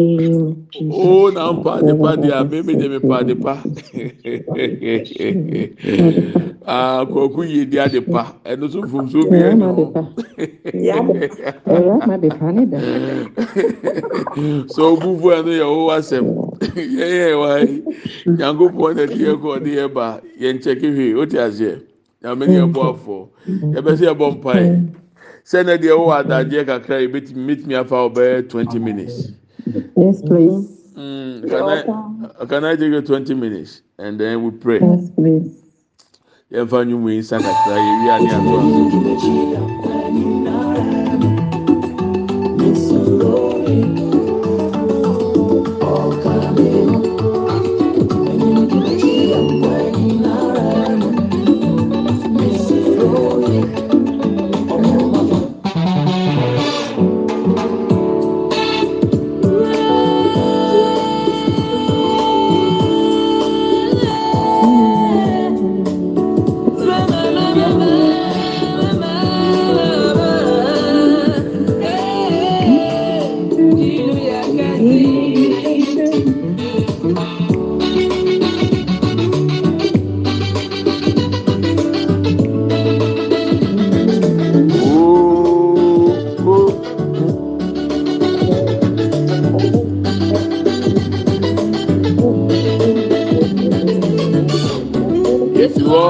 Oh, na mpade ah, pa dia, mimi de me pade pa. Ah, koku yi dia de pa. Eno so fum so bi eno. Ya de pa. Ya ma de pa ne da. So bubu eno ya o asem. Ye ye wa. Yango po na die ko de e ba. Ye ncheki hwe, o ti ase. Ya me ne bo afo. Ya be se e bo mpai. Sɛ ne deɛ wowɔ adadeɛ kakra yi bɛtumi afa wo twenty minutes. Yes, please. Mm, can, I, can I take you 20 minutes and then we pray? Yes, please.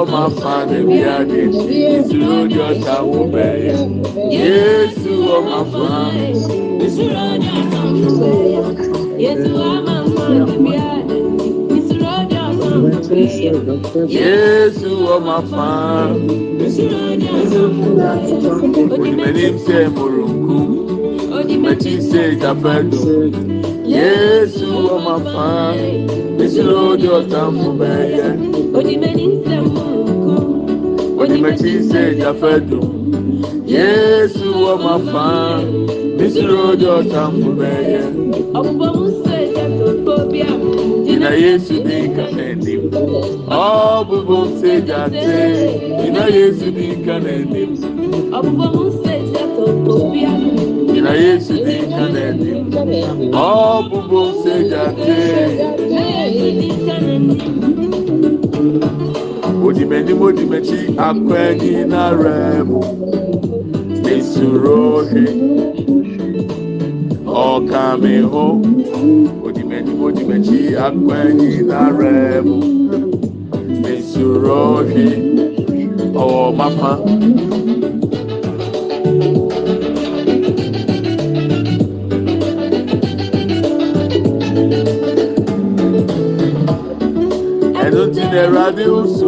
ọmọfà níbi adé ìṣúró ní ọ̀tá wò bẹ̀rẹ̀ yéésù ọmọfà ìṣúró ní ọ̀tá wò bẹ̀rẹ̀ yéésù ọmọfà níbi adé ìṣúró ní ọ̀tá wò bẹ̀rẹ̀ yéésù ọmọfà ìṣúró ní ọ̀tá wò bẹ̀rẹ̀ onímọ̀ní ṣe mòròkú onímọ̀tí ṣe ìjàpẹ́dù yéésù ọmọfà ìṣúró ní ọ̀tá wò bẹ̀rẹ̀. dimeti ise jafedum yesu wamama nisiro ojo ọta mmubehebụbosaịịna yesu dikandim ọ bụbosegate m'anim odi m'akyi akɔ anyina rɛ mu mesuro hwɛ Oka me ho odi di odi m'akyi akɔ na rɛ mu mesuro hwɛ ɔwɔ mapa. ẹnu ti dẹrọ adé oṣù.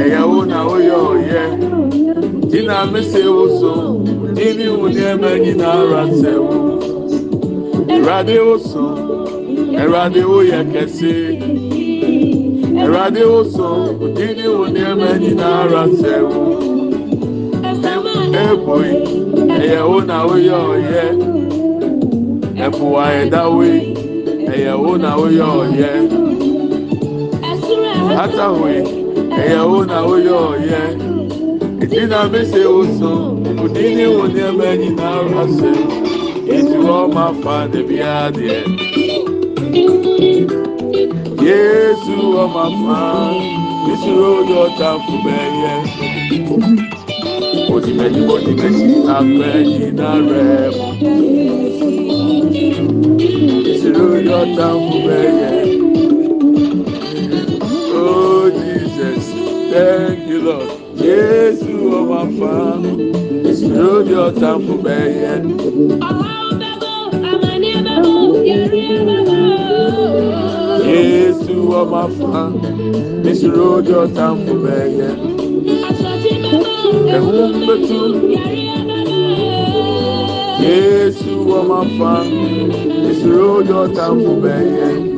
ɛyɛwo na woyɛ ɔyɛ gyina mese wo so gyini wo nneɛma nyinaa rasɛ wo awurade wo so awurade woyɛ kɛse awurade wo so gyini wo nneɛma nyinaa rasɛ wo ebui ɛyɛwo na woyɛ ɔyɛ ɛfuwa ɛdawe ɛyɛwo na woyɛ ɔyɛ atawe ɛyɛ wo na woyɛ ɔyɛ ɛdi na mese wo so odi ne wo nneɛma nyinaa ɔsɛ eti wɔma fa ne bi adeɛ yesu wɔma fa nisoro yɛ ɔtamfo bɛyɛ odimɛni odimɛsi apɛ nyinaa rɛ mo nisoro yɛ ɔtamfo bɛyɛ. Jesus. Thank you, Lord. Yes, you are my father. Through your time for Yes, you are my This road your time for bear. The womb between. This road your time for bear.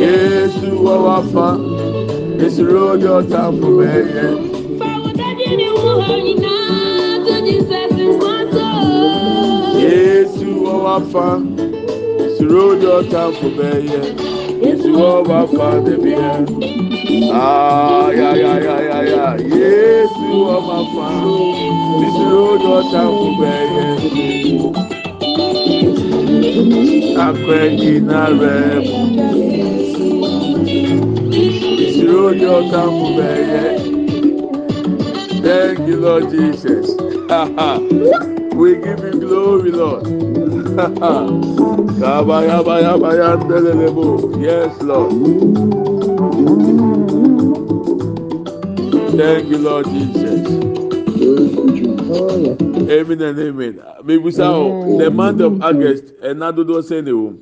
Yesu wa wafa esiri onye ọta mkpụrụ eye. Yesu wa wafa esiri onye ọta mkpụrụ eye. Yesu wa wafa debi ya. Ayayayaya Yesu wa wafa esiri onye ọta mkpụrụ eye akwẹ́jìnà rẹ̀ mú. Ìṣirò ní ọ̀tá mú bẹ̀yẹ. Thank you, Lord Jesus. we give you glory, Lord. yaba yaba yaba yandelelebo. Yes, Lord. Thank you, Lord Jesus amen and amen oh, mebusa o the month of august ẹna dodo ọsẹ ni o.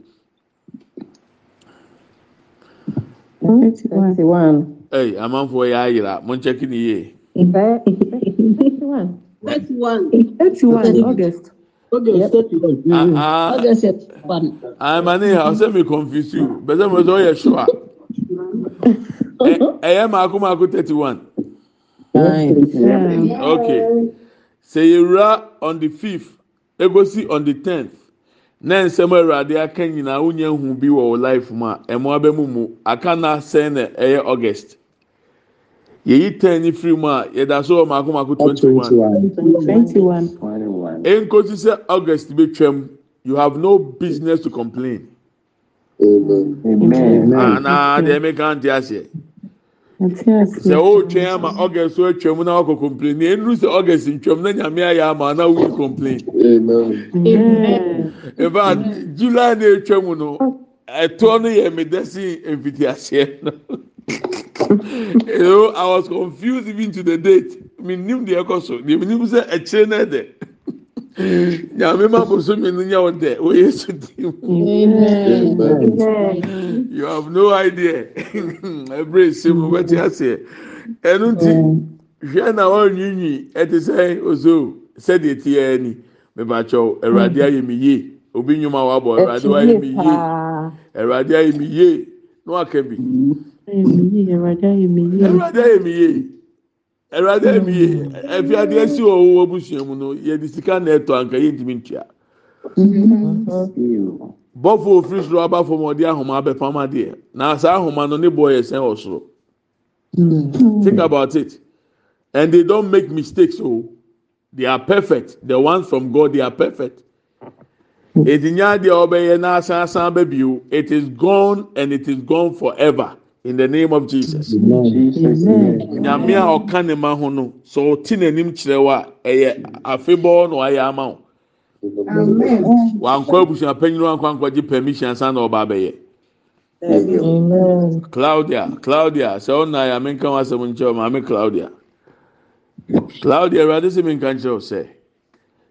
ẹyì amanfo yà á yìrà mo n check ni yìí. ìbá one. eighty one. eighty one august. August thirty one. Ah, mm-hmm. ah. August eighty one. Àmàlẹ́ yà ọ̀sẹ̀ mi confuse you bẹ̀sẹ̀ mi sọ yẹ sure. Ẹ̀yẹ́ màákú màákú thirty one. Okay. sɛ yɛwura on the fifth egosi on the tenth na nsɛm awurade aka nyinaa wonye hu bi wɔ wɔ life mu a ɛmo abemumu mu aka na sɛn na ɛyɛ august yeyi ten ne firi mu a yɛda so wɔ mako mako twenty one nkosi sɛ august bi twɛm you have no business to complain. Ah, na Amen. Ana deɛ mi ti aseɛ. sɛ ɔretwɛn ama august ɔretwɛn mu na ɔkɔ complain na enuru sɛ august ntwɛn mu na nyame ayɛ ama na ɔyɛ complain in fact july na etwa mu no ɛtoɔ no yɛ medesi mfitiaseɛ no you know i was confused even to the date mi nim deɛ ɛkɔ so deɛ mi nim sɛ ɛkyerɛ na ɛdɛ. nyame ma bosomi no nyɛ wo dɛ wɔ yesu dim you have no idea ɛberɛ ɛsɛ mu wobɛte aseɛ ɛno nti hwɛ na wɔnwinwi ɛte sɛ ɔsoo sɛdeɛ tiaa ni mebakyɛw awurade ayɛ me yie obi nnwom a wabɔ awurade ayɛ me yie awurade ayɛ me yie na waka bi awurade ayɛ me ɛwurade emie efiade esi owo obusua mu no yɛde sika na ɛtɔ anka yɛntumi ntua bɔfo ofiri soro aba fam ɔde ahoma abɛpam adeɛ na saa ahoma no ne bɔ yɛ sɛn wɔ soro think about it and they don't make mistakes o oh. they are perfect the ones from God they are perfect etinya adeɛ ɔbɛyɛ na asan asan bɛbi o it is gone and it is gone forever. nyame a ɔka ne ma ho no sɛ ɔte noanim kyerɛ wɔ a ɛyɛ afebɔɔ no ayɛama wo wankwa busa payineaknkagye pamission sa na ɔbabɛyɛcludia cludia sɛ onaɛmenka woasɛm nkerɛmame claudia claudia awiade sɛ menka kyerɛ o sɛ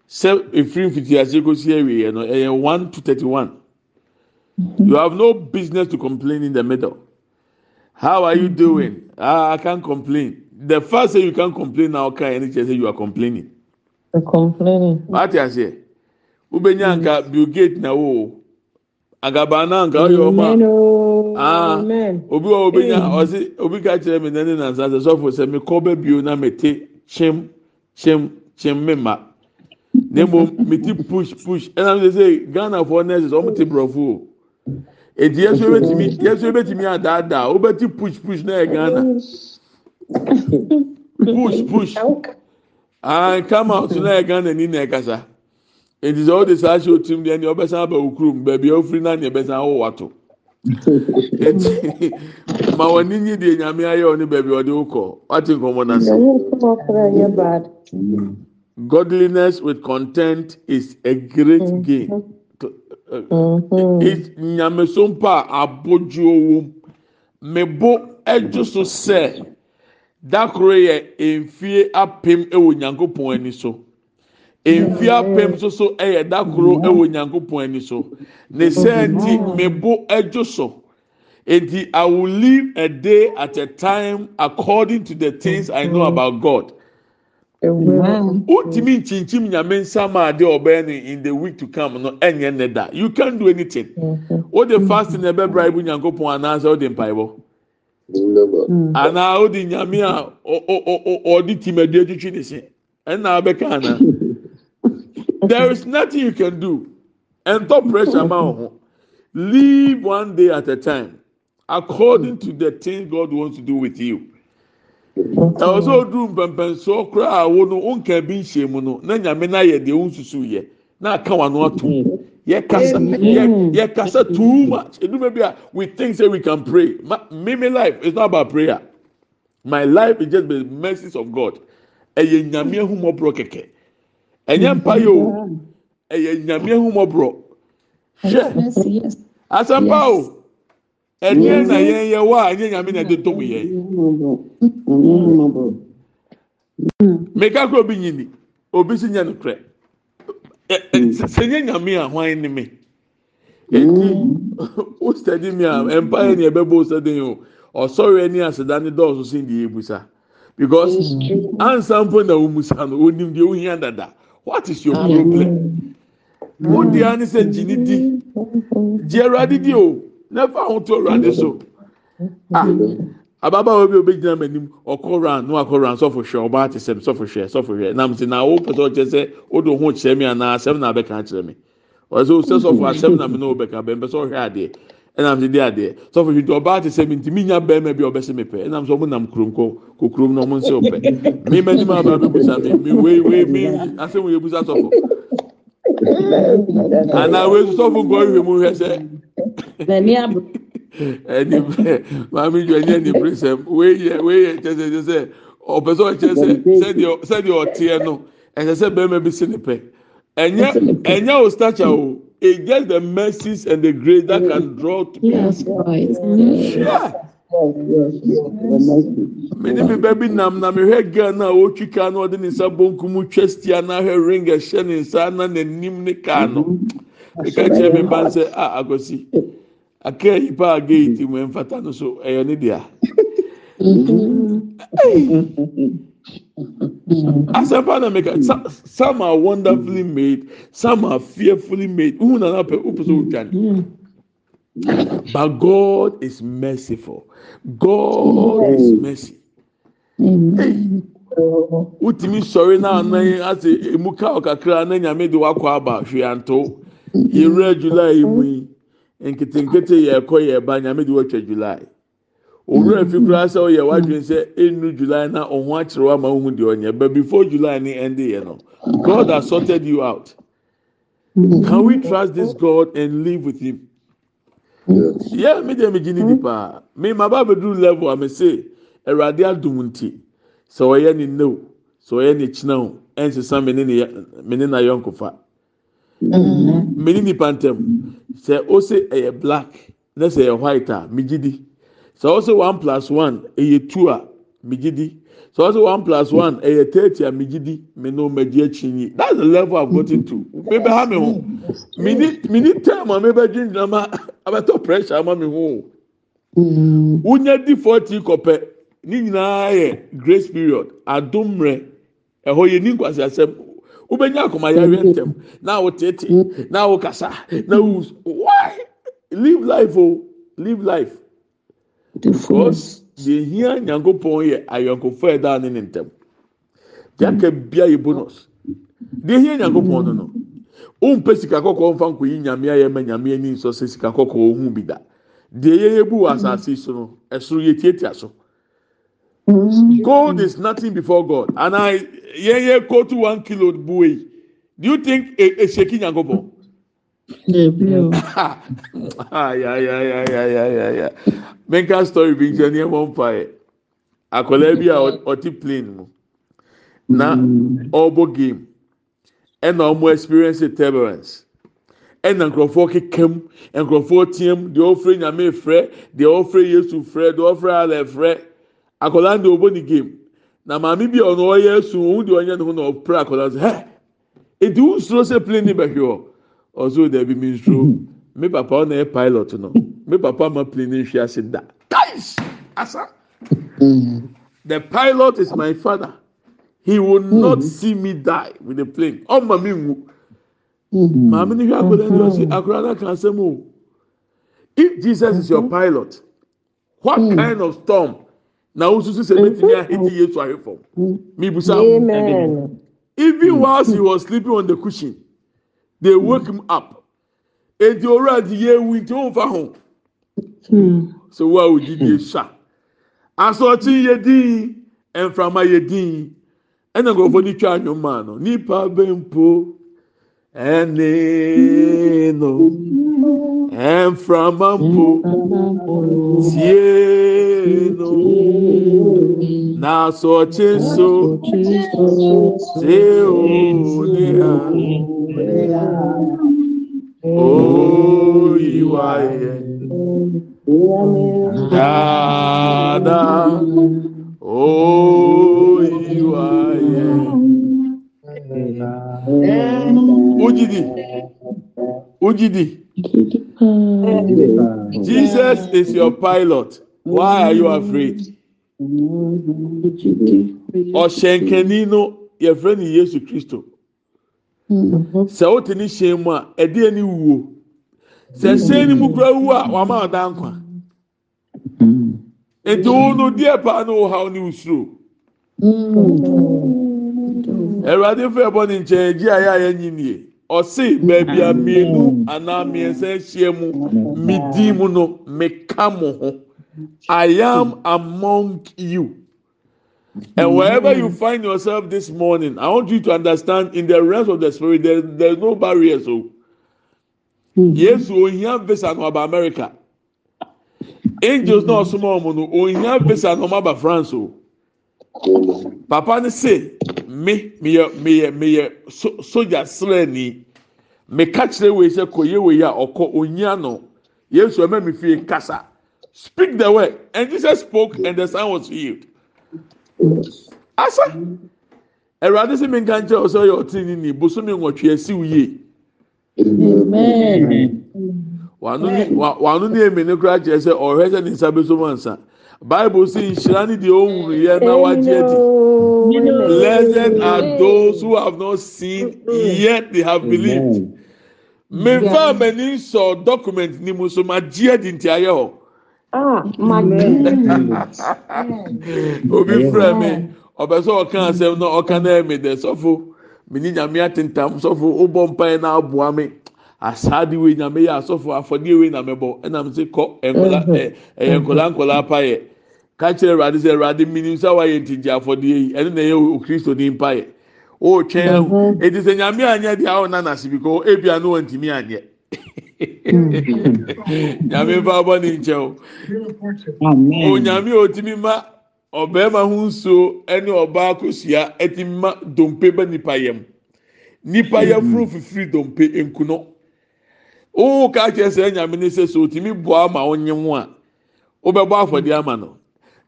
sɛ ɛfiri mfitiase kɔsi awieɛ no ɛyɛ 1 t31 you have no business to complan in the middle how are you doing ah i can't complain the first thing you can't complain now can any chance say you are complaining. I'm complaining. wàtí àṣẹ ubenya nka bill gates na wo agaba na nka ọyọ ọma oh, ah obi wa obenya ọsi obi ka kyerẹ mi nani na nsa sọfọ sẹ mi kọ bẹ bio na mi ti kyem kyem kyem mi ma ne mo mi ti push push ẹna mi sẹ ghana for nurses ọmọ ti burọfu o eti yesu ebetumi yesu ebetumi adaadaa obeti push push na yɛ ghana push push and come out na yɛ ghana ni na yɛ kasa eti sɛ ɔde saa ahyɛ otum deɛ ni ɔbɛsan aba okurum beebi ofiri na ni ɛbɛsan awɔ wato eti ma wɔn ni nyi deɛ nyame ayɛ ɔne beebi ɔde okɔ wate nkɔmɔ na se. Godliness with content is a great mm-hmm. gain nyamesom pa a abodwoɔ wom mebo ɛdwo so sɛ dakoro yɛ mfie apem ɛwɔ nyankopɔn ani so mfie apem so so ɛyɛ dakoro ɛwɔ nyankopɔn ani so ne sɛ nti mebo ɛdwo so. Eti, I will live a day at a time according to the things I know about God. wotumi in the week to come no you can do anything mm-hmm. What the mm-hmm. fasting na ɛbɛ bra ibu nyankopɔn anaasɛ o de mpaebɔ mm-hmm. anaa the de nyame there is nothing you can do top pressure ma live one day at a time according to the thing God wants to do with you. ɛwɔ sɛ mpɛmpɛnsoɔ kora a wo no nka bi nhyia mu no na nyame no ayɛ deɛ wonsusu yɛ na aka wano ato yɛ kasa yɛ kasa too much eduma bi a we think say we can pray ma me me life is not about prayer my life is just the mercies of God ɛyɛ nyame ahumɔborɔ kɛkɛ ɛnyɛ mpa yɛ o ɛyɛ nyame ahumɔborɔ hwɛ asɛmpa o. ɛnyɛ na yɛn yɛ wɔ a ɛnyɛ nyame na ɛde tom yɛ meka koro bi nyini obi si nyɛ no korɛ sɛ nyɛ nyame a hwan ne me eti o sadi mi a empire ni ɛbɛ bɔ o sadi yi o ɔsɔre ɛni aseda ni dɔɔso si di ebusa because ansanpo na o musa no onim de o hiya dada what is your problem o mm. di anisɛ gyi ni di gyi ɛwura di di o. n'efa ahotuo awurade so ah ababaawa bi a obegyina m'anim ɔkɔ ran no akɔ ran sɔfo hwɛ ɔbaa te sɛm sɔfo hwɛ sɔfo hwɛ nam si na awo pɛsɛ ɔkyerɛ sɛ ɔdo ho kyerɛ mi anaa asɛm na abɛka kyerɛ mi ɔsɛ ɔsɛ sɔfo asɛm na mi na ɔbɛka bɛn pɛsɛ ɔhwɛ adeɛ ɛnam e si di adeɛ sɔfo hwɛ ɔbaa te sɛm ntumi nya bɛrima bi ɔbɛsɛ e mi pɛ ɛnam sɛ ɔmo nam kurom kɔ kɔ kurom na ɔmo nsɛ ɔpɛ mi mɛ ni maa bɛ busa mi mi wei wei mi Ẹni aburo. Ẹni bẹ́ẹ̀ maami ju ẹni ẹni bere sẹ́m wéyẹ wéyẹ kyẹ́sẹ́ kyẹ́sẹ́ ọ̀pẹ sọ kyẹ́sẹ́ sẹ́diẹ sẹ́diẹ no ẹ̀sẹ̀ sẹ́ bẹ́ẹ̀ mẹ́bi ni pẹ́ ẹ̀nyẹ́ ẹ̀nyẹ́ o stature o it gets the mercies and the grace that can draw to people. mene mi baabi nam na mehwɛ girl no a wɔtwi kaa no ɔde ne nsa bonkum twa stia na ahwɛ ring ɛhyɛ ne nsa na n'anim ne kaa no meka kyerɛ me ba sɛ a akwasi aka yipa a gɛɛ ti mɛmfata mm-hmm. no so ɛyɛ ne dea mm-hmm. asɛm pa no meka mm-hmm. some ar wonderfully made some ar fearflly made unanpwoowane bu god is mercifl god is mercy wotumi sɔre no anan ase ɛmu kao kakra na nyame de wakɔ aba hwiantow yɛwurɛ adwulaa yɛmui nketenkete yɛ ɛkɔ yɛ ɛba nyame de wɔtwa july owurɔ fi kura sɛ ɔyɛ wadwin sɛ enu july na ɔho akyerɛ wa ma deɛ ɔnyɛ but before july ni end yɛ no god has sorted you out can we trust this god and live with him yɛ mi deɛ mi gyi ni di paa mi ma ba abɛduru level a mi se ɛwurade adum nti sɛ ɔyɛ ne new sɛ ɔyɛ ne kyinaw ɛnsesa mi ne na yɔnkofa mene mm-hmm. nipa ntɛm sɛ ose ɛyɛ black na sɛ ɛyɛ white a megye di sɛ ose one plus one ɛyɛ two a megye di sɛ ose one plus mm-hmm. one ɛyɛ thirty a megye di mene ɔmɛdi akyi yi that's the level I've getting to mm-hmm. mebe ha mi ho mene mene term a mebe gyinagyina ma abɛtɔ pressure ama mi ho wonya di forty kɔpɛ ne nyinaa yɛ grace period adumrɛ ɛhɔ yɛ ni nkwasi asɛm wobɛnya akɔmayareɛ ntɛm na wotete mm. na wokasa na wus why live life o oh. live life because yɛhia nyankopɔn yɛ ayɔnkofo ɛda ne ne ntɛm yɛaka bia yɛ bonus deɛ hia nyankopɔn no no wompɛ sika kɔkɔɔ mfa nkɔyi nyame ayɛ ma nyame ani nsɔ sɛ sika kɔkɔɔ ɔhu bi da deɛ yɛyɛ bu wɔ mm. asase so no ɛsoro yɛtiatia so Mm. Gold is nothing before God. And I yeah yeah go to one kilo buwe. Do you think a shaking yango bo? Ah, yeah, yeah, yeah, yeah, yeah, yeah. Menka story bi jẹ ni ẹ mọ n pa ẹ. Akọlẹ bi a ọti plane mu. Na ọbọ mm. game ẹna ọmọ experience turbulence. ɛna nkurɔfoɔ kekam nkurɔfoɔ team deɛ ɔfrɛ nyame frɛ deɛ ɔfrɛ yesu frɛ deɛ ɔfrɛ alɛ frɛ akwadaa deɛ ɔbɔ ne game na maame bi a ɔno ɔyɛ esu ohun deɛ ɔnyɛ ne ho na ɔpere akwadaa so hɛ edi nsoro sɛ plane bɛhwɛ wɔ ɔso dɛbi mi nsoro me papa ɔna yɛ pilot no me papa ama plane nhwi ase da Guys, asa the pilot is my father he will not mm. see me die with the plane ɔma mi nwu mm. maame ni hwɛ akwadaa ni ɔsi akwadaa na kan sɛ mo if jesus is your mm-hmm. pilot what mm. kind of storm na wosusu sɛ betumi ahiti yesu ahwɛ fam mibusa mu even mm-hmm. whilst he was sleeping on the cushion they mm-hmm. woke him up eti owurọ ati yie wi nti o nfa ho so wo a odidi esua asọkye yɛ din mframa yɛ din ɛna nkurɔfoɔ ni twa anwom maa no nipa bɛ mpo. ɛneno ɛmframampo tieno na asoɔkyenso seeomoni a ooyiwayɛ dada oyiwayɛ Ujidi. Ujidi. Jesus is your pilot. Why are you afraid? Ọ̀ṣẹ̀nkẹ̀nínú yẹ̀fẹ́ ni Yesu Kristo. Sẹ o ti ni ṣe mu a, ẹ̀dí ẹni wuo. Sẹ ni mu kura wu a, wàá máa dá nkwa. Ètò ònà díẹ̀ paanu ọ̀ha ni òsúrò. Ẹ̀rọ adé fẹ́ bọ́ ni nkyẹn, ẹ̀jí àyà yẹn nyinie. ɔsi baabi a mmienu anaa mmiɛnsa ahyia mu mi di mu no mi ka mo ho i am among you. And wherever you find yourself this morning, I want you to understand in the rest of the spirit, there, there's no barriers. So, oh. hmm. yes, ohia visa no aba America. Angels hmm. no small mono, ohia visa no aba France. Oh. Papa ne say, me, me, me, me, soldier slain meka kyerɛ wei sɛ kɔyɛ wei a ɔkɔ onyia no yesu ɛmɛ mi fie kasa speak the word and jesus spoke and the son was healed asa ɛwurade sɛ mi nka nkyɛn ɔsɛ ɔyɛ ɔtí ni ni bosomi nwɔtwe ɛsiw yie wàánu ní èmi ní kura kyerɛ sɛ ɔhwɛ sɛ ní nsa bɛ so mọ nsa bible si nhyira ni deɛ ohun yɛ na wagye adi blessed are those who have not seen yet they have believed mefa amani nsɔ document ni mu so ma gye adi nti ayɛ hɔ. Ah, obi fura mi ɔbɛ sɛ ɔka asɛm na ɔka na ɛmi dɛ sɔfo mi ni nyame atentam sɔfo ɔbɔ mpae na aboa mi asaade wei na meyɛ asɔfo afɔdeɛ wei na mɛbɔ ɛnam sɛ kɔ nkɔla mhm. ɛ ɛyɛ nkɔla nkɔla pa yɛ kakyɛ ɛwurade sɛ ɛwurade minim sɛ wayɛ ntinti afɔdeɛ yi ɛne na ɛyɛ Kristo ni mpa yɛ ɔɔtwɛn ahu mhm. eti sɛ nyame anyɛ deɛ awo na si bi kɔ ebi ano wɔn ntumi anyɛ mhm. nyame mfa bɔ ne nkyɛn o onyame otimi ma ɔbɛrima ho nsuo ɛne ɔbaa kosua ɛti ma dompe bɛ nipa yɛm nipa yɛ furu fifiri dompe nkuno wọ́n ká kyerɛ sɛ nyame ne sɛ sɛ otumi bua ama onye ho a wobɛbɔ afɔdeɛ ama no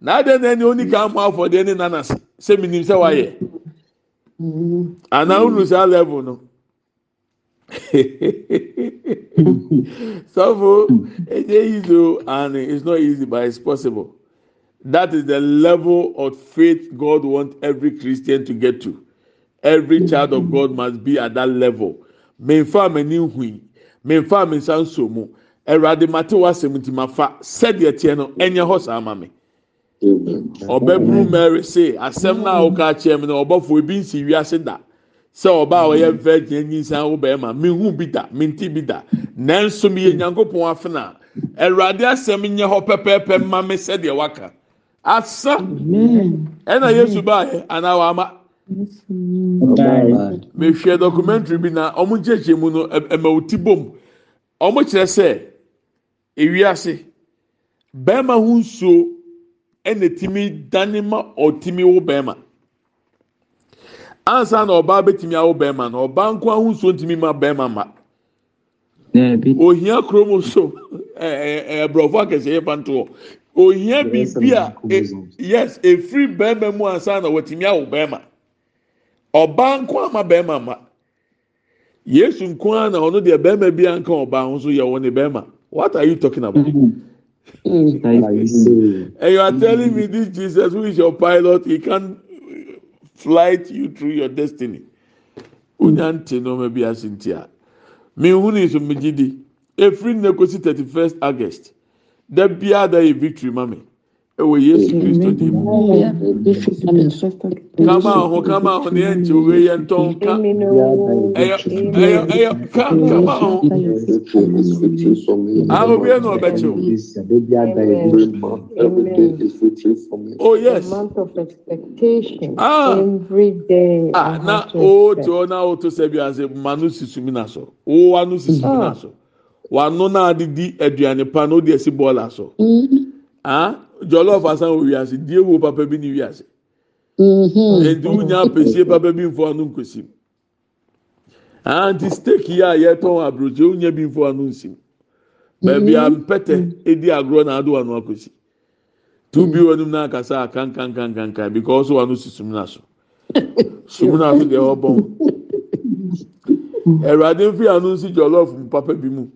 n'adɛ na ɛni oni ka ama afɔdeɛ ne nana sɛ minim sɛ wayɛ ana olu saa level no sɔfo ɛnyɛ easy o and it's not easy but it's possible that is the level of faith God wants every Christian to get to every child of God must be at that level mmefa amani hui memfa me nsa nso mu awurade mate w'asɛm nti mafa sɛdeɛ teɛ no ɛnyɛ hɔ saa ma me ɔbɛburu mary se asɛm no a woka kyerɛ me no ɔbɔfo ebi nsi wiase da sɛ ɔbaa a ɔyɛ virgin nyinsa wo bɛrima mehu bi da mente bi da nanso meyɛ nyankopɔn afena awurade asɛm nyɛ hɔ pɛpɛɛpɛ ma sɛdeɛ waka asa ɛna yesu baeɛ anaa wama mehwɛ documentary bi na ɔmo gyegye mu no ɛmɛwoti bom ɔmo kyerɛ sɛ ewiase bɛrima ho nsuo ɛna etimi dani ma ɔtimi wo bɛrima ansa na ɔbaa betumi awo bɛrima na ɔbaa nko ho nsuo ntumi ma bɛrima ma ohia kurom so ɛɛ ɛbrɔfo akɛse yɛ pantoɔ ohia biribi a e- yes efiri bɛrima mu ansa na wɔtumi awo bɛrima. ɔbaa nko ama bɛrima ma yesu nko ara na ɔno deɛ bɛrima bi anka ɔbaa ho so yɛ wɔ ne what are you talking about. Mm-hmm. Mm-hmm. and you are telling me this jesus who is your pilot he can fly you through your destiny. onyaa nti nneɛma bi ase nti a mihun nso megye di efiri nne kosi thirty first august da biara da victory mami ɛwɔ yesu kristo dim kama ho kama ho ne yɛn nkyew wei yɛn tɔn ka ɛyɛ ɛyɛ ɛyɛ ka kama ho aho bi yɛn na ɔbɛkyew oh yes ah ah na o ti hɔ na o to sɛbi ase ma no sisi mi na so o wa no sisi mi na ah. so wa no na adidi aduane pa na o de esi bɔɔla so. jọlọf asan wɔ wiase die wo papa bi ne wiase mm-hmm. edu wunya apesie papa bi nfo ano nkosi mu steeki a yɛtɔn aburokye wunya bi nfo ano nsi mu beebi a mm-hmm. mpɛtɛ edi agorɔ na ado wano akosi tubi wɔn anim n'akasa a kankankankankan because wano si sum na so sum na so deɛ ɔbɔn ɛwurade nfi ano nsi jollof papa bi mu.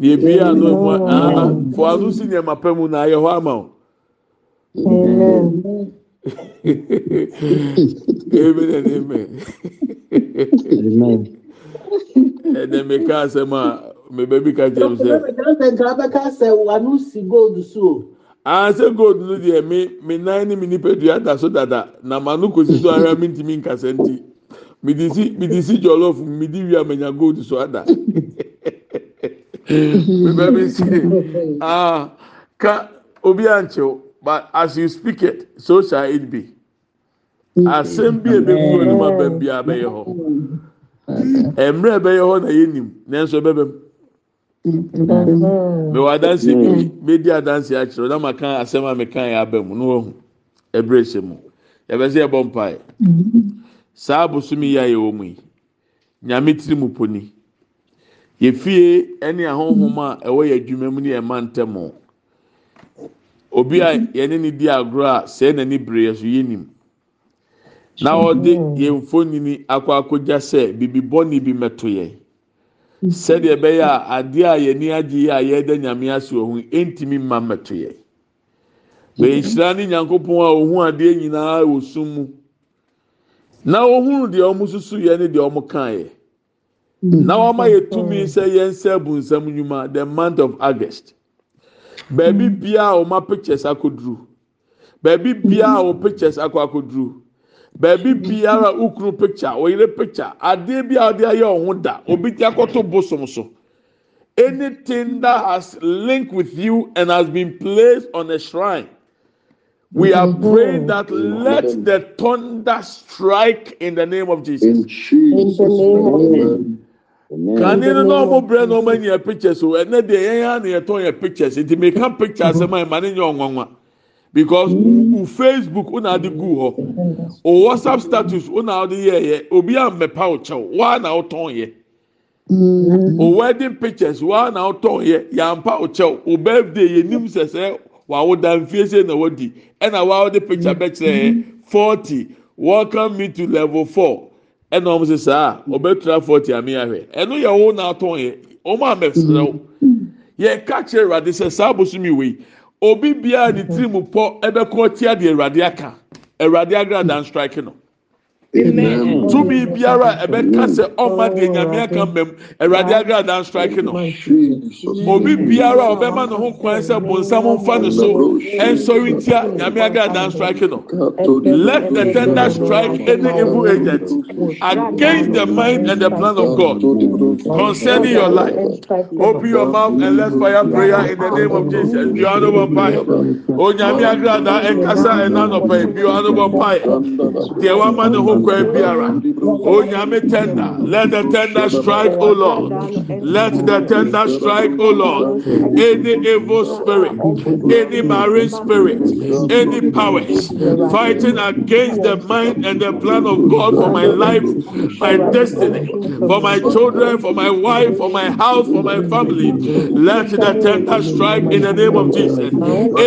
neɛbie an fo wano si neɛmapɛ mu na ayɛ hɔ ama woɛdɛ mekaa sɛm a meba bi ka kyam sɛaa ah, sɛ gold no deɛ menan ne mennipadua ada so dada na mano kosi so awɛa mentimi nkasɛ nti mede si dyɔlɔɔfo medi wie a manya gold so ada bẹbẹ bi si ah ka obi ankyɛw but as you speak it so shall it be asɛm bi a ebe gu onum abɛn bi abɛyɛ hɔ mmerɛ ɛbɛyɛ hɔ na yɛ nim nanso ɛbɛbɛ mu mɛ wɔ adansi bi mɛ di adansi akyerɛ na ma kan asɛm a mɛ kan yɛ abɛn mu no wɔn ɛbrɛ hyɛ mu yɛbɛsɛ yɛbɔ mpae mm-hmm. saa abosom yi a yɛwɔ mu yi nyame tiri mu poni. yɛfie ɛne ahohom a ɛwɔ yɛ adwuma mu ne yɛ mantam obi a mhm. yɛne ne di agorɔ a sɛɛ n'ani bere yɛ so yɛ nim na ɔde mhm. yɛn mfonini akɔ akɔgya sɛ bibi bɔne bi mɛto yɛ mhm. sɛdeɛ ɛbɛyɛ a adeɛ a yɛni agye yɛ a yɛda nyame ase wɔ ho ɛntumi mma mɛto yɛ bɛnhyira ne nyankopɔn a ohun adeɛ nyinaa wɔ sum mu na ohun deɛ ɔmo soso yɛ ne deɛ ɔmo kan yɛ. Mm. na wɔama yɛtumi sɛ yɛnsɛ bu nsɛm nnwuma the month of august baabi mm. biya a wɔma pictures akɔduru baabi biaa mm-hmm. a wɔ pictures akɔ akɔduru baabi biara ukuru picture oyere picture adeɛ bi a ɔde ayɛ ɔho da obi ti akɔto bosom so anything that has linked with you and has been placed on a shrine we are mm-hmm. praying that mm. let the thunder strike in the name of Jesus. In Jesus' name. kane no na ɔmo brɛ na ɔmo anya pictures o ɛnɛ deɛ yɛn ara na yɛtɔ yɛ pictures nti meka pictures ɛma mm-hmm. ɛma e ne nyɛ ɔnwanwa because wo facebook wo na adi gu hɔ o whatsapp status wo na adi yɛ yɛ obi a mɛpa o kyɛw waa na o tɔn yɛ mm-hmm. o wedding pictures waa na o tɔn yɛ yampa o kyɛw o birthday yɛ nim sɛsɛ wàá danfiese na wadi ɛna e wàá de picture bɛ kyerɛ yɛ forty welcome me to level four ɛna wɔn sɛ a ɔbɛtura forty ami ahwɛ ɛno yɛ wɔn na atɔn yɛ wɔn a mɛsirɛ wo yɛ ka kyerɛ awurade sɛ saa abosomi wei obi bia ne tirim pɔ ɛbɛkɔ tia deɛ awurade aka awurade agra dan strike no. tumi biara ɛbɛka sɛ ɔma deɛ nyame aka mbɛm awurade agradan strike no obi biara ɔbɛma ne ho kwan sɛ bonsam mfa ne so ɛnsɔre ntia nyame agradan strike no let the tender strike any evil agent against the mind and the plan of God concerning your life open your mouth and let fire prayer in the name of Jesus biara no bɔ mpae onyame agradan ɛnkasa ɛnanɔpɛ biara no bɔ mpae deɛ wama ne ho nkwa biara tender let the tender strike o lord let the tender strike o lord any evil spirit any marine spirit any powers fighting against the mind and the plan of god for my life my destiny for my children for my wife for my house for my family let the tender strike in the name of jesus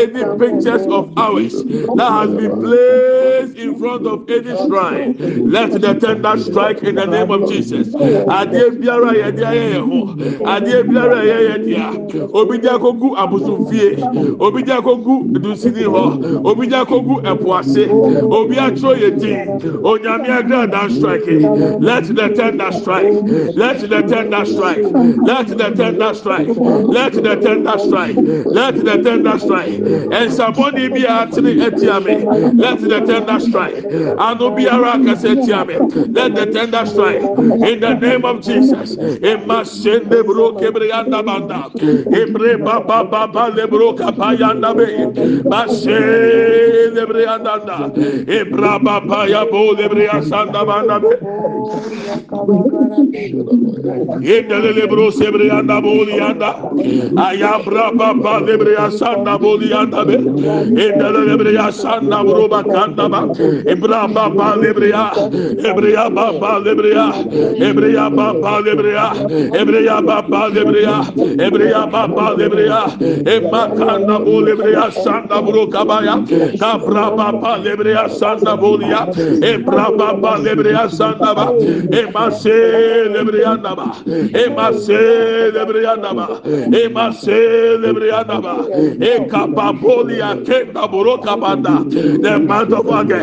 any pictures of ours that has been placed in front of any shrine Let the tender strike in the name of Jesus. Adeɛ biara yɛ di ayɛ yɛ ho. Adeɛ biara yɛ yɛ dea. Obi di akogu abosomfie. Obi di akogu dusini hɔ. Obi di akogu ɛpo ase. Obi atwerɛ yɛ ti. Onyame agrada strike. Let the tender strike. Let the tender strike. Let the tender strike. Let the tender strike. Let the tender strike. Nsabɔni bi a atene atia me. Let the tender strike. Ano biara ka. Let the tender strike in the name of Jesus. Emashende bro kebrianda banda. Ebre baba baba lebro kapayanda be. Mashe lebrianda da. Ebra baba ya bo lebrianda banda be. Yendele lebro sebrianda bo lianda. Ayabra baba lebrianda bo lianda be. Yendele lebrianda bro bakanda ba. Ebra baba lebrianda ebrabbra brb ebrabapale brɩa ebrabaalebrɩa emakanabolebrɩa saŋnaboro kabaya tabrababalebrɩa saŋnabolia ebrababale brea saŋnaba emaselebrɩanaba emasele brɩanaba emaselebrɩa naba ekapabolia kenaborokabada emaoage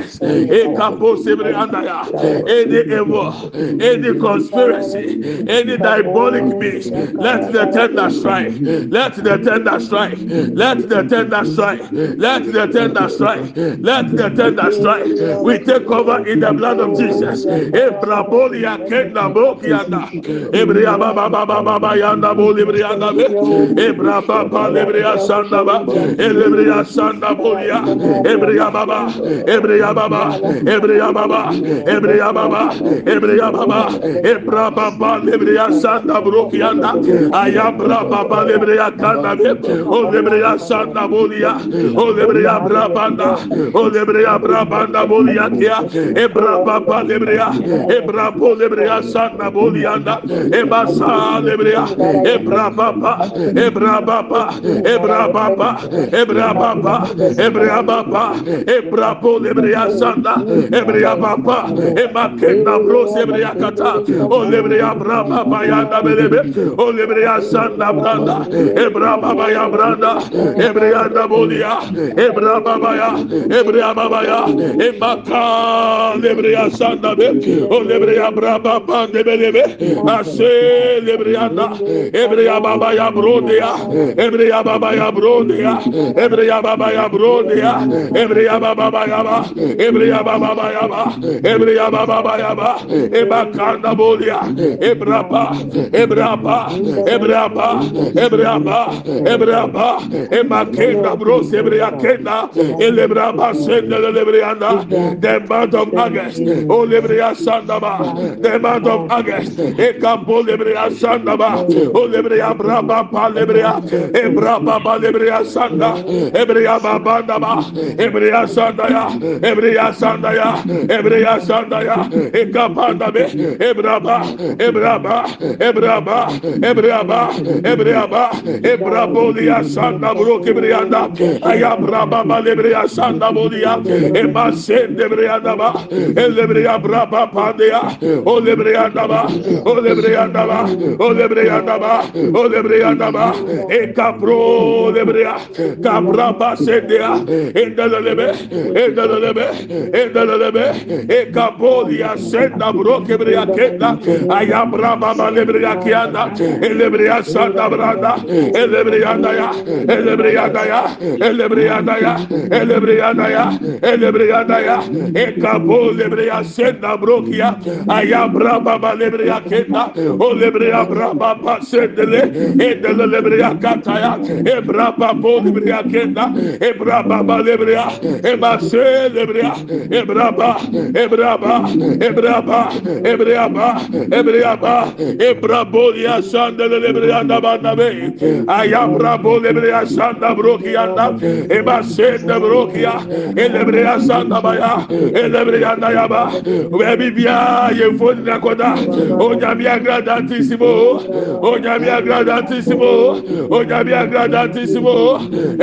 ekao Kadaya. Any evil, any conspiracy, any diabolic means, let the tender strike. Let the tender strike. Let the tender strike. Let the tender strike. Let the tender strike. We take cover in the blood of Jesus. Ebrabolia kenda bokianda. Ebria baba baba baba yanda bolibrianda. Ebra baba lebria sanda ba. Elebria ebreya baba ebreya baba ebra bapa le breya sanda brokiyanda aya bra bapa le breya kadave o le brea sanda bolia o le breya brabanda o le breya bra banda bolia kea ebra papa le brea ebrapo le brea sanda bolianda ebasa le brea ebra papa e bra papa ebra papa ebrea papa ebrea bapa ebprapo le brea sanda ebreaa Braba, Emakenda Brosebria Kata, Olebria Braba Bayanda Belebe, Olebria Sanda Branda, Ebraba Baya Branda, Ebreanda Bolia, Ebraba Baya, Ebreaba Baya, Emaka, Lebria Sanda Be, Olebria Braba Bande Belebe, Ase Lebrianda, Ebrea Baba Ya Brondia, Ebrea Baba Ya Brondia, Ebrea Baba Ya Brondia, Ebrea Baba Ya Ba, Ebrea Baba Ya Ba, Ebre ya, baba yaba. Eba kanda bolya. Ebraba. Ebraba. Ebraba. Ebraba. Ebraba. Ema kenda bros ebreya kenda. Elebraba sende lebreyanda. The month of August. O lebreya sandaba. The month of August. Eka bol lebreya ba, O lebreya braba pa lebreya. E Ebraba ba lebreya sanda. Ebreya babanda ba. Ebreya sanda ya. Ebreya sanda ya. ebre ya şanda ya ekapanda e, e, be ebraba ebraba ebraba ebraba ebraba ebrabo ya şanda bro kibriyanda ayabraba malebriya şanda bodiya ebasen debriyanda ba elebriya braba pandeya olebriyanda ba olebriyanda ba olebriyanda ba olebriyanda ba ekapro debriya kabraba sendeya endelelebe endelelebe endelelebe e kapodia senda broke bria kenda ayabra baba lebria kianda elebria sanda branda elebria daya elebria daya elebria daya elebria daya elebria daya e kapole bria senda brokia ayabra baba lebria kenda o lebria braba pasendele e dele lebria kataya e braba bo lebria kenda e braba baba lebria e basel lebria e braba ebreaba ebraba ebreaba ebre yaba ebraboliya sandɛlele breyanabanabe ayabrabol ebreyasanda brokiyana emasenda brokiya elebreyasandabaya elebreyanayaba bɛbibia ye fonini akɔda oyamiagradantisim oyamiagradantisim oyamiagradantisimo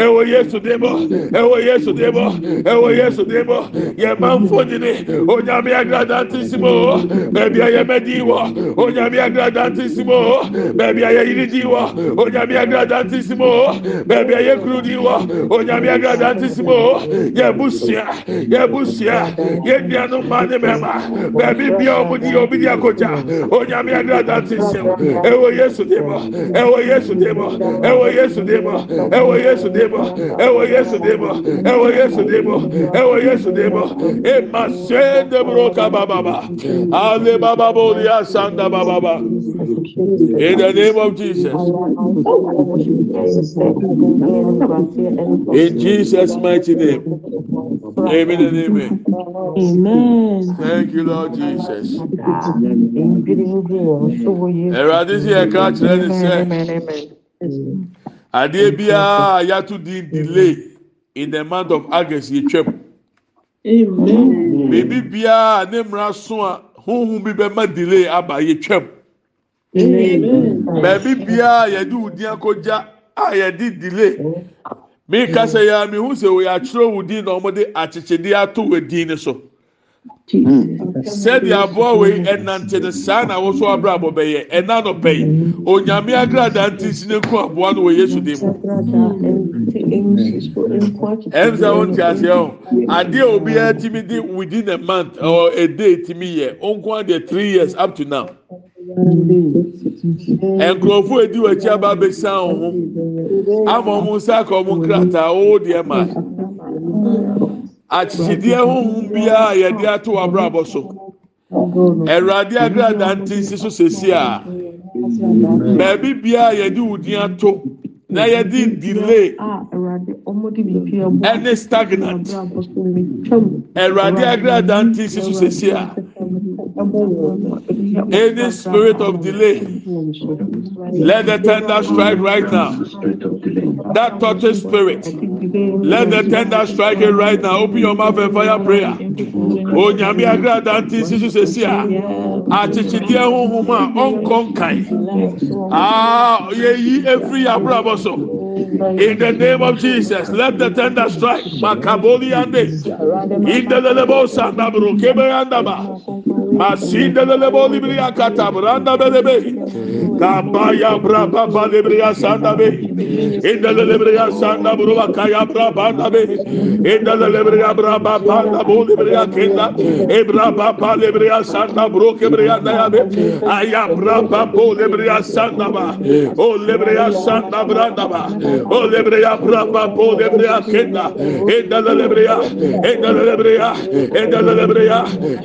ewo yesu demɔ eweyesu demɔ ewoyesudemɔ yɛmanfonini onyame agrada ntesimo baabi a yɛmɛdi wɔ onyame agrada ntesimo baabi a yɛyiridi wɔ onyame agrada ntesimo baabi a yɛkurudi wɔ onyame agrada ntesimo yɛbusua yɛbusua yɛnuanu mma ne mɛma baabi bia ɔmo di obi di akokya onyame agrada ntesimo ɛwɔ yesu de mɔ ɛwɔ yesu de mɔ ɛwɔ yesu de mɔ ɛwɔ yesu de mɔ ɛwɔ yesu de mɔ ɛwɔ yesu de mɔ ɛwɔ yesu de mɔ ɛma se. Rende broka bababa. Ale baba boria sanda bababa. In the name of Jesus. In Jesus' mighty name. Amen and amen. Amen. Thank you, Lord Jesus. Ẹ̀rọ̀dé sì ẹ̀ka kyerẹ́ ní sẹ́. Adeɛ biara yàtò di delay in the month of August ye twẹ́mu. biribi biara ne mmara so a honhom bi bɛma delay aba yɛtwam baabi biara yɛde udi akɔgya a yɛde delay meka yɛ a sɛ wɔyɛ na wɔde ato wɔ din ne so sɛdeɛ aboa wei ɛnante no saa na wɔso abrabɔ bɛyɛ ɛna no bɛyɛ onyame agrada nti si ne ko aboa no wɔ yesu de mu ɛnsa wo nti aseɛ ho adeɛ obiara timi di within a month or a day timi yɛ onko adeɛ three years up to now nkurɔfoɔ edi wɔ akyi aba abɛsia wɔn ho ama wɔn nsa aka wɔn krataa wɔwɔ deɛ maa akyideɛ huhu biara yɛde ato abrabɔ so awurade agrada nti nsi so sesi a baabi biara yɛde wudin ato na yɛde delay ɛne stagnant awurade agrada nti nsi so sesi a. Any spirit of delay, let the tender strike right now. That touching spirit, let the tender strike it right now. Open your mouth and fire prayer. Onyame agrada nti sisu sesi a akyekyedeɛ honhom a ɔnkɔ Ah, ye efiri abrabɔ so. In the name of Jesus, let the tender strike. Makaboli ande. Indelelebo sandabro kebeandaba. მა სინდელელებოლიბრიაქათაბრანდა ბელებელი Kabaya braba balebriya sanda be. Indele lebriya sanda buruva kaya braba da be. Indele lebriya braba banda bu lebriya kenda. Ebraba balebriya sanda buru kebriya da ya be. Aya braba bu lebriya sanda ba. O lebriya sanda branda ba. O lebriya braba bu lebriya kenda. Indele lebriya. Indele lebriya. Indele lebriya.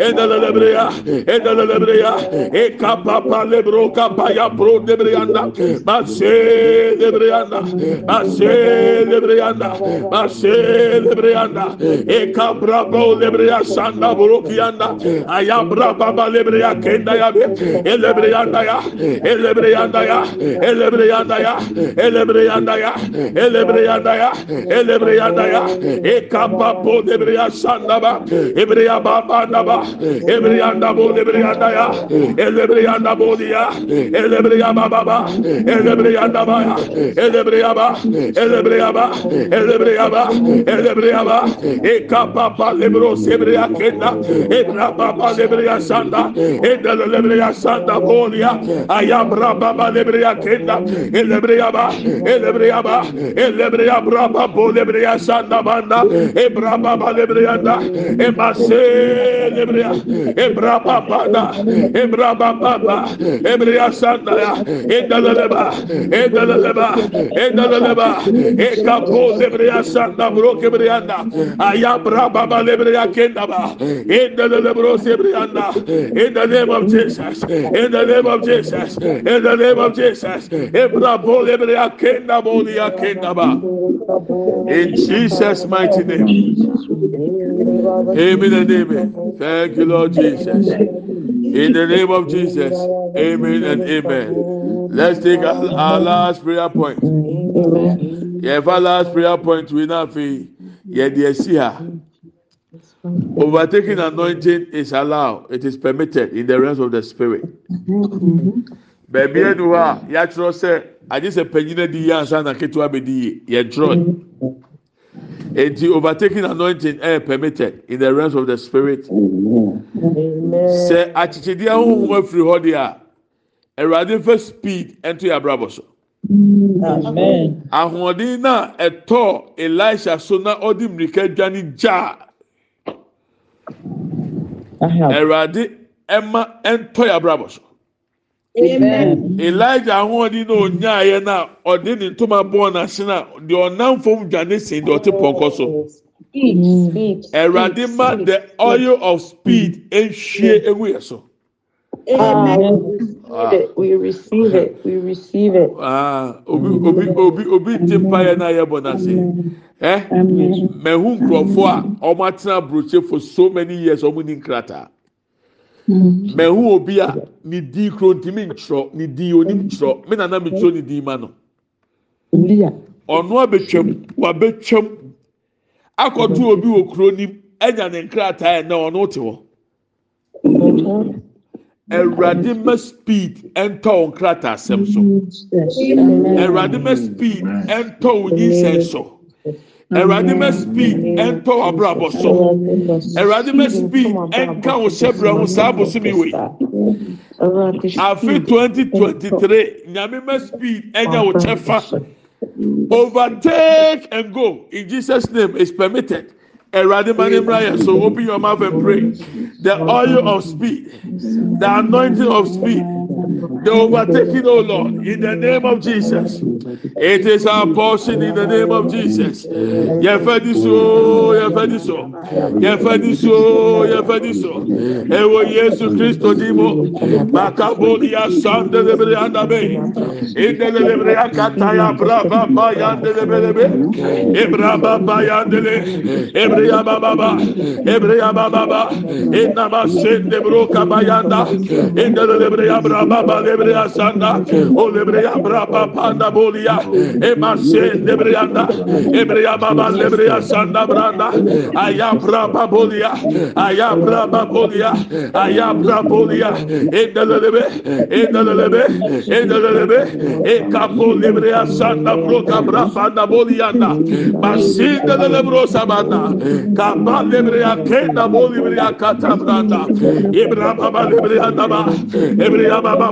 Indele lebriya. Indele lebriya. e Ekapa lebro kapa Abaya bro debreyanda. Bashe debreyanda. Bashe debreyanda. Bashe debreyanda. Eka brabo lebreya sanda burukiyanda. Ayabra baba lebreya kenda ya be. Elebreyanda ya. Elebreyanda ya. Elebreyanda ya. Elebreyanda ya. Elebreyanda ya. Elebreyanda ya. Eka babo debreya sanda ba. Ebreya baba ba, naba. E Ebreyanda bo debreyanda ya. Elebreyanda bo ya. ele brɩyabababa elebrɩyadabaya elebrɩaba elebrɩaba elebrɩyaba ele brɩaba ɩkapapalebroseebrɩa kenda ebrababale brɩa sanda edɛlele brɩa sanda bonɩa ayabrababa le brɩa kenda ele brɩyaba elebrɩaba elebrɩa braba bole ebrɩa sanda banda e brababale brɩada emase lebrɩa e brababada ebrabababa erɩa sandaya edalaba edalaba edalaba e kapo lebreya sanda broke kebreyanda ayabra baba lebreya kendaba edalaba bro sebreyanda in the name of Jesus in the name of Jesus in the name of Jesus ebra bo lebreya kendaba in Jesus mighty name amen and amen thank you Lord Jesus in the name of jesus amen and amen let's take our last prayerpoint yɛfa last prayerpoint to wii na afei yɛdeasiha overtaking anointing is allowd it is permitted in the rent of the spirit bɛbia nu hɔ a yakyr sɛ agye sɛpanyina diɛ ansa naketewabɛdiye yɛnkyr Eti overtaking anointing ẹ eh, permitted in the realms of the spirit. Sẹ akyekyedeɛ ahohom afiri hɔ deɛ a, Awurade fɛ speed ɛnto yɛ abrabɔ so. Ahoɔden na ɛtɔ Elisha so na ɔde mmirika dwane gya. Awurade ɛma ɛntɔ yɛ abrabɔ so elija ho ɔde na onyaaeɛ no a ɔde ne ntoma bɔɔ n'ase no a deɛ ɔnam fam dwane sen deɛ ɔte pɔnkɔ so awurade ma the oil of speed ehwie egu yɛ so. Amen. We receive it. We receive it. Ah, obi obi obi obi ti mpaeɛ na yɛ bɔ n'ase. Ɛ mɛhu nkurɔfoɔ a wɔn atena aburokye for so many years wɔn ni nkrataa. mɛhu mm-hmm. obi a ni di kuro ntumi ntwerɔ ne di onim ntwerɔ me nana mi twerɛ ni. di ma no ɔno abɛtwam wabɛtwam akɔto obi wɔ kuro nim ɛnya ne nkrataa ɛnna ɔno te hɔ mm-hmm. awurade mma speed ɛntɔ nkrataa sɛm so mm-hmm. awurade mma speed ɛntɔ nyinsɛn so. awurade ma mm-hmm. speed ɛntɔ abrabɔ so awurade ma speed ɛnka wo hyɛbrɛ ho saa abosomi wei afe twenty twenty three nyame ma speed ɛnya wo kyɛfa overtake and go in jesus name is permitted. Eradi Manimraya, so open your mouth and pray. The oil of speed, the anointing of speed, They overtake it, O Lord, in the name of Jesus. It is our portion in the name of Jesus. Yefadiso, Yefadiso, Yefadiso, Yefadiso. Ewo Jesus Christo dimo, makaboli asande lebre andabe, inde lebre akata ya braba ba ya lebre lebre, ebraba ba ya lebre, ebre ya baba ba, ebre ya baba ba, inna ba sende broka ba ya da, inde ya braba baebreasana olebrea braba bana bolia e mase lebreyanda ebreyababa lebrea sandabranda aya braba boliya aya braba bolia aya bra bolia eeeeeebe eebe ekamo librea sada brotabrabanda boliyana basi delele brosabana kabalebrea kena bolibria katabrana ebrababaebraaba ebrabba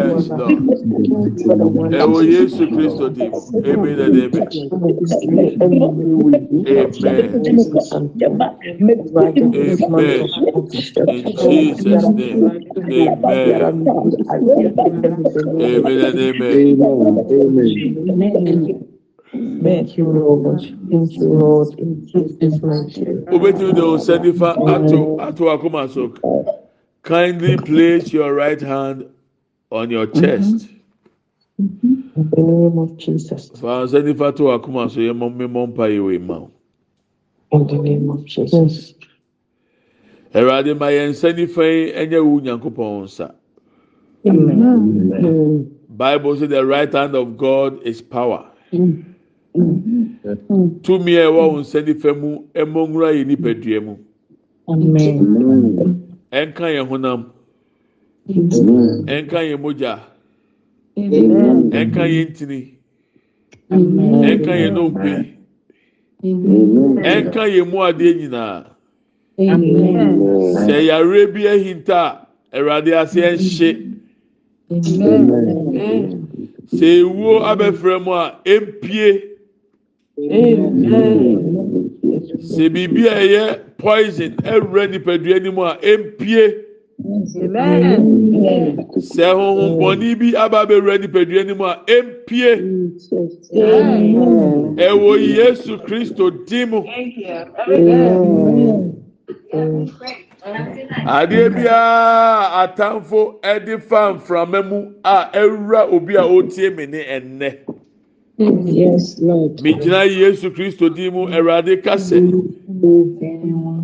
Amen and amen. Amen. Amen. Amen. Amen amen. Amen. Thank you, Lord. Thank you, Lord. In Jesus' name. Obetumi Osenifa ato ato akoma Kindly place your right hand on your mm-hmm. chest. Mm-hmm. In the name of Jesus. Faansa nifa to akoma so yɛ mɔmmi mɔmpa yi wɔ ima. In the name of Jesus. Ɛwurade ma yɛn nsa nifa yi ɛnyɛ wu nyankopɔn nsa. Amen. Bible say the right hand of God is power. Mm-hmm. Mm. Tumi a ɛwɔ wɔn nsa nifa mu ɛmɔ nwura yɛ nipadua mu. Amen. Ɛnka yɛn honam. ɛnka yɛn mogya ɛnka yɛn ntini ɛnka yɛn nnompe ɛnka yɛn mu adeɛ nyinaa sɛ yare bi ahinta a awurade ase ɛnhye sɛ ewuo abɛfra mu a empie sɛ biribi a ɛyɛ poison ɛwura nipadua no mu a empie sɛ honhom bɔne bi aba abɛwura nipadua no mu a ɛmpie ɛwɔ yesu kristo din mu adeɛ biara atamfo ɛde fa mframa mu a ɛwura obi a ɔtie me ne ɛnnɛ megyina yesu kristo din mu awurade ka sɛ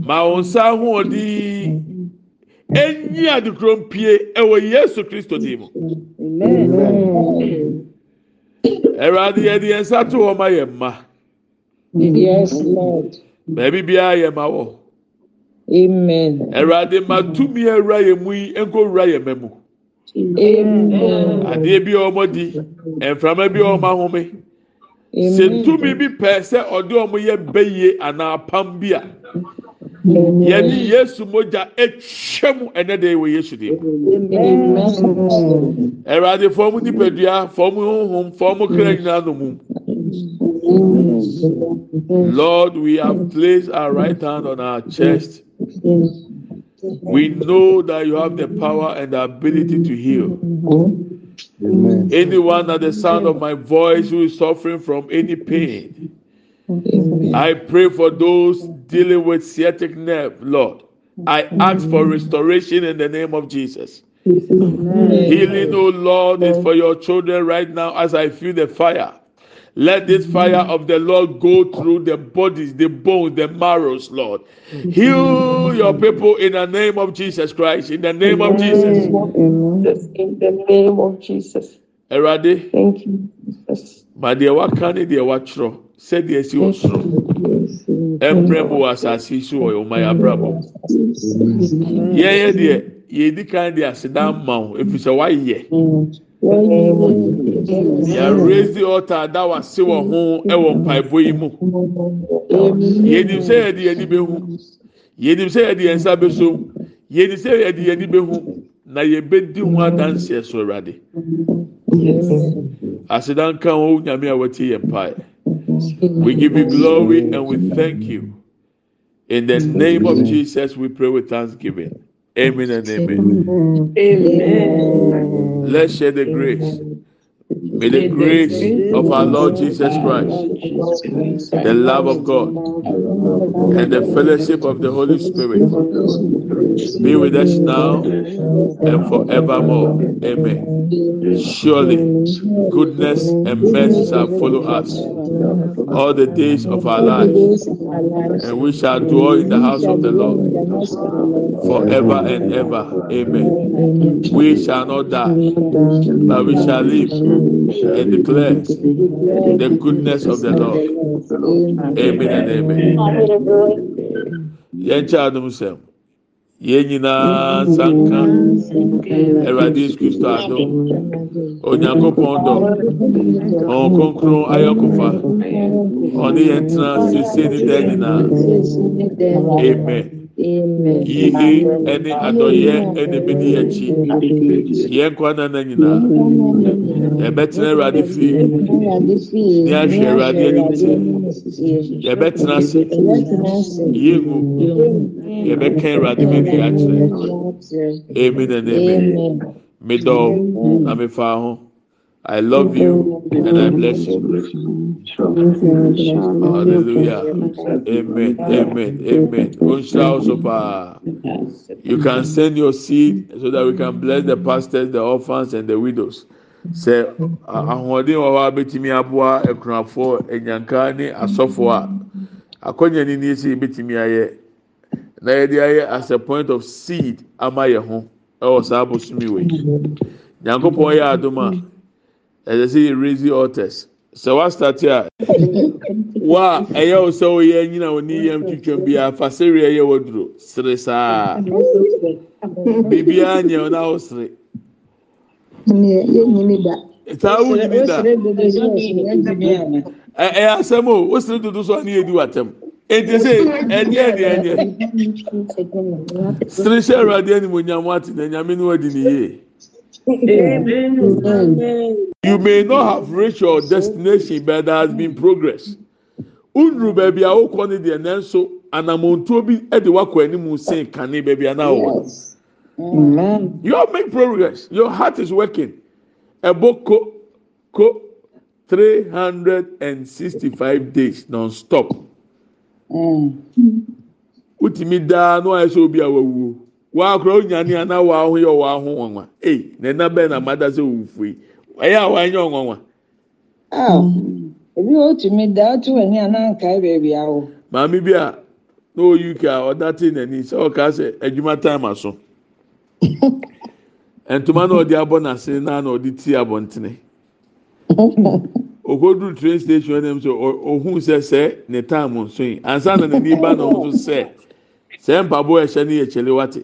ma wo nsa ahoɔden enyi adekoro mpie ɛwɔ yesu kristo dim ɛwurade yɛde yɛn nsa to hɔ ma mma baabi biara yɛ mma. wɔ ɛwurade ma tumi ɛwura yɛ mu yi nkowura yɛ mɛ mu adeɛ bi a wɔn di mframa bi a wɔn ahome sɛ tumi bi pɛ sɛ ɔde wɔn yɛ bɛyie anaa pam bia. yɛne yesu mogya ɛtwa mu ɛnɛ de wɔ yesu deɛ awurade fɔm nipadua fɔm honhom fɔm kra nyinaa no mu lord we have placed our right hand on our chest we know that you have the power and the ability to heal anyone at the sound of my voice who is suffering from any pain I pray for those dealing with sciatic nerve, Lord. I ask for restoration in the name of Jesus. Amen. Healing, O oh Lord, is for your children right now as I feel the fire. Let this fire of the Lord go through the bodies, the bones, the marrows, Lord. Heal your people in the name of Jesus Christ. In the name of Jesus. In the name of Jesus. Thank you, Jesus. sɛdeɛ si wɔ soro ɛmprɛ mu wɔ asase so wɔ ɔma yabrabɔ yɛyɛ deɛ di kan de asedan ma wo efi sɛ wayɛ raise the altar da wase wɔ ho ɛwɔ mpaebɔ yi mu di sɛ yɛde yɛni bɛhu yɛnim sɛ yɛde yɛn nsa bɛso di sɛ di yɛni bɛhu. na yɛbɛdi ho mm-hmm. adanse ɛso awurade asedanka wɔn nyame a wɔte yɛ mpae mm-hmm. we give you glory and we thank you in the mm-hmm. name of jesus we pray with thanksgiving amen and amen amen let's share the grace. May the grace of our Lord Jesus Christ, the love of God, and the fellowship of the Holy Spirit be with us now and forevermore. Amen. Surely, goodness and mercy shall follow us all the days of our lives, and we shall dwell in the house of the Lord forever and ever. Amen. We shall not die, but we shall live and declare the goodness of the Lord. Amen and amen. Yẹn kyɛ adum sɛm, yɛn nyinaa sanka, Ɛwurade Kristo adum, Onyankopɔn dɔ, Ɔn Kronkron ayɔkofa, Ɔne yɛn tena sese ne dɛ nyinaa, Amen yie ɛne adɔyɛ ɛne bedi akyi yɛn kwan nana nyinaa yɛbɛtena awurade fi ne ahwɛ awurade anim ti yɛbɛtena ase yɛngu yɛbɛka awurade bɛdi akyerɛ amen and amen medɔw na mefa ho. I love you and I bless you. Hallelujah. Amen. Amen. Amen. You can send your seed so that we can bless the pastors, the orphans, and the widows. Say, ahoɔden wɔ hɔ a betumi aboa akunafoɔ, enyanka ne asɔfoɔ a akɔnya ni ni esi betumi ayɛ na yɛde ayɛ as a point of seed ama yɛ ho ɛwɔ saa abosomi wɔ yi. Nyankopɔn yɛ adoma ɛsɛ sɛ yɛ raise altars sɛ wasitati a wa ɛyɛ o sɛ o yɛ nyina o ni yɛm twitwa bi a faseri ɛyɛ wɔduro sere saa biribiara nyɛ o na o sere. saa ni nyini da ɛyɛ asɛm o o sere dodo so a ni yɛ di wa tɛm eti se ɛnyɛ ɛni ɛnyɛ sere sɛ ɛwurade mo nyamu ati na ɛnyame ni wa di You may not have reached your destination, but there has been progress. Unru baby, Unduru baabi a wokɔ ne deɛ nanso anamontuo bi de wakɔ anim sen kane baabi a na wɔ. You have made progress. Your heart is working. A ko ko three hundred and sixty-five days non-stop. Mm. Wotumi daa na wayɛ sɛ obi a wawuo. wakora onyane ana waho yɛ waho nwanwa ee na ɛna bɛn na mada sɛ ofu yi ɛyɛ a wanyɛ nwanwa. ebi otumi da otu wani ananka ebi awo. Maami bi a na oyi ka ɔda te n'ani sɛ ɔka sɛ adwuma time aso ntoma na ɔde abɔ n'ase na na ɔde ti abɔntene okoduru train station ɛnam sɛ ohun sɛ sɛ ne time nso yi ansa na n'ani ba na ɔmo so sɛ sɛ mpaboa ɛhyɛ e ne yɛ kyele wate.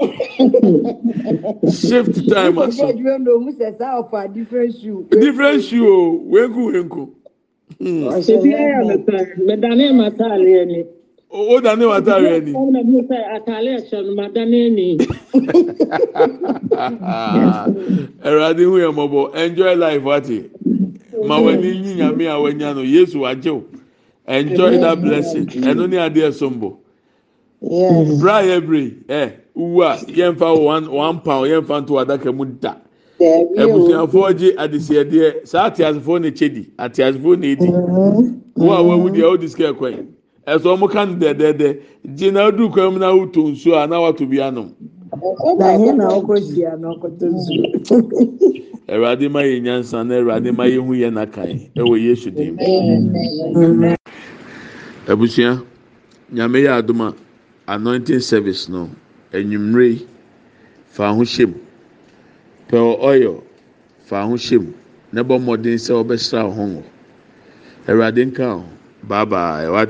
shift time aso. Ṣé different shoe? different shoe o, wenku wenku. Ṣèbí ẹ̀yà mẹ́ta, mẹ́dání màtá àlẹ́ ẹni. Ó dání màtá àlẹ́ ẹni. Ó nà mí sẹ́ àtàlẹ́ ẹ̀ṣọ́ ni màá dání ẹni. Ẹ̀rọ adé hu yẹn mọ̀ bọ̀, enjoy life wáti. Ma wẹ̀ ní yíyàmí àwọn ẹ̀yàn nù, Yesu wá o. Oh. Enjoy that blessing, ẹnu ní adé ẹ̀sùn bọ̀. Bra yẹ bèrè, ẹ̀. wu a yɛmfa one one pound yɛmfa nto adaka mu da abusuafoɔ gye adesiɛdeɛ saa ateasefoɔ na ekyɛ di ateasefoɔ na edi mm-hmm. wo a wawu deɛ ɔdi sika ɛkwan ɛsɛ ɔmo ka no dɛdɛɛdɛ gyina adu kwan mu na woto nsuo a na wato bi anom. Danyɛ na ɔkɔ hyia na ɔkɔtɔ nsuo. Awurade ma yɛ nyansa na awurade ma yɛ hu yɛ n'akan ɛwɔ Yesu dim. Abusua, nyame yɛ Adoma anointing service no. enyimire yi fa ho hyɛ mu pɛl oil fa ho hyɛ mu na mmɔden sɛ wɔbɛsra ho ho awurade nka ho baabaa ɛwɔ